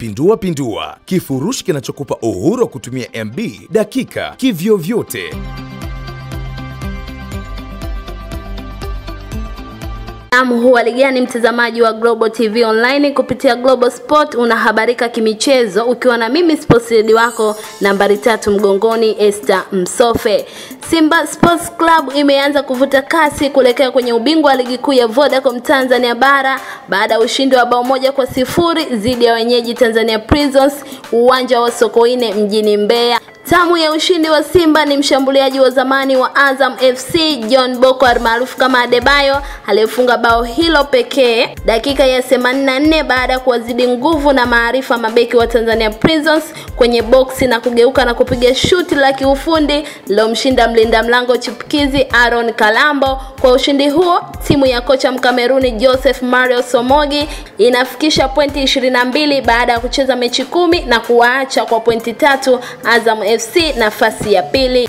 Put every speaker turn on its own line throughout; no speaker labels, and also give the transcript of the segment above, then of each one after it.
Pindua pindua, kifurushi kinachokupa uhuru wa kutumia MB dakika kivyovyote. Naam, huhali gani mtazamaji wa Global TV Online, kupitia Global Sport unahabarika kimichezo ukiwa na mimi sports lead wako nambari tatu mgongoni Esther Msofe. Simba Sports Club imeanza kuvuta kasi kuelekea kwenye ubingwa wa ligi kuu ya Vodacom Tanzania bara baada ya ushindi wa bao moja kwa sifuri dhidi ya wenyeji Tanzania Prisons uwanja wa Sokoine mjini Mbeya. Tamu ya ushindi wa Simba ni mshambuliaji wa zamani wa Azam FC John Boko maarufu kama Adebayo aliyefunga bao hilo pekee dakika ya 84 baada ya kuwazidi nguvu na maarifa mabeki wa Tanzania Prisons kwenye boksi na kugeuka na kupiga shuti la kiufundi lilomshinda mlinda mlango chipukizi Aaron Kalambo. Kwa ushindi huo, timu ya kocha Mkameruni Joseph Mario Somogi inafikisha pointi 22 baada ya kucheza mechi kumi na kuwaacha kwa pointi tatu Azam FC nafasi ya pili.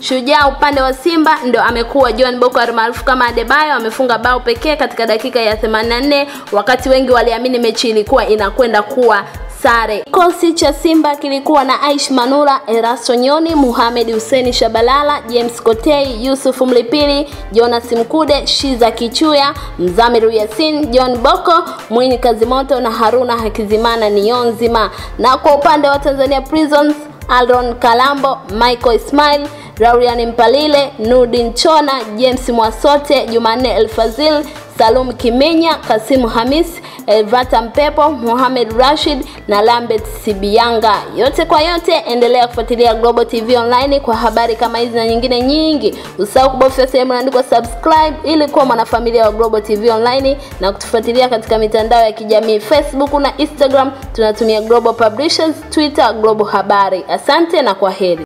Shujaa upande wa Simba ndo amekuwa John Boko almaarufu kama Adebayo amefunga bao pekee katika dakika ya 84 wakati wengi waliamini mechi ilikuwa inakwenda kuwa sare. Kikosi cha Simba kilikuwa na Aish Manula, Erasto Nyoni, Muhamed Huseni Shabalala, James Kotei, Yusuf Mlipili, Jonas Mkude, Shiza Kichuya, Mzamiru Yasin, John Boko, Mwini Kazimoto na Haruna Hakizimana nionzima Na kwa upande wa Tanzania Prisons Aldon Kalambo, Michael Ismail, Laurian Mpalile, nudin Chona, James Mwasote, Jumanne Elfazil, Salum Kimenya, Kasimu Hamis, elvata eh, Mpepo, Mohamed Rashid na Lambert Sibianga. Yote kwa yote, endelea kufuatilia Global TV Online kwa habari kama hizi na nyingine nyingi. Usahau kubofya sehemu inaandikwa subscribe ili kuwa mwanafamilia wa Global TV Online na kutufuatilia katika mitandao ya kijamii Facebook na Instagram. Tunatumia Global Publishers, Twitter, Global Habari. Asante na kwa heri.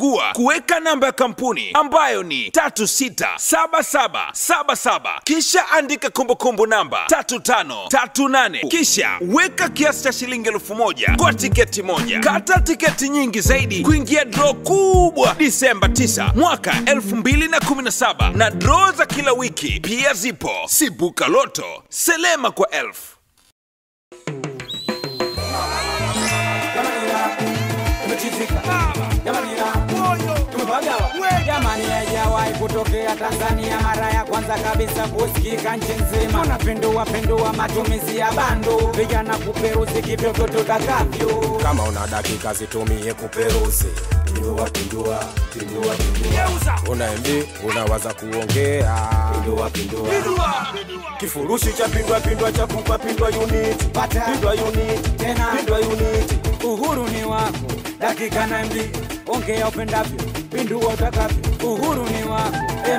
chagua kuweka namba ya kampuni ambayo ni 367777 kisha andika kumbukumbu namba 3538 kisha weka kiasi cha shilingi 1000 kwa tiketi moja. Kata tiketi nyingi zaidi kuingia draw kubwa Disemba 9 mwaka 2017 na draw za kila wiki pia zipo. Sibuka Loto, selema kwa elf. Ah! kutokea Tanzania mara ya kwanza kabisa kusikika nchi nzima. Unapindua pindua matumizi ya bando, vijana kuperuzi kivyovyote utakavyo. Kama una dakika zitumie kuperuzi Pindua, pindua, pindua, pindua. Una MB unawaza kuongea pindua, pindua. Pindua. Kifurushi cha pindua pindua cha kupa pindua unit pata pindua unit tena pindua unit. Uhuru ni wako,
dakika na MB, ongea upendavyo pindua utakavyo, uhuru ni wa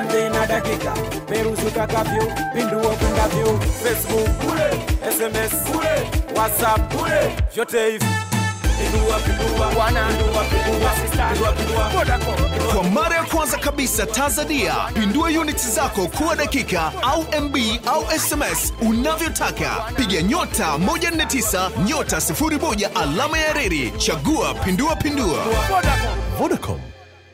MB na dakika perusi utakavyo, pindua upendavyo. Facebook kule, SMS kule, WhatsApp kule, vyote hivi kwa mara ya kwanza kabisa Tanzania, pindua units zako kuwa dakika au MB au SMS unavyotaka. Piga nyota 149 nyota 01 alama ya reri, chagua pindua pindua. Vodacom.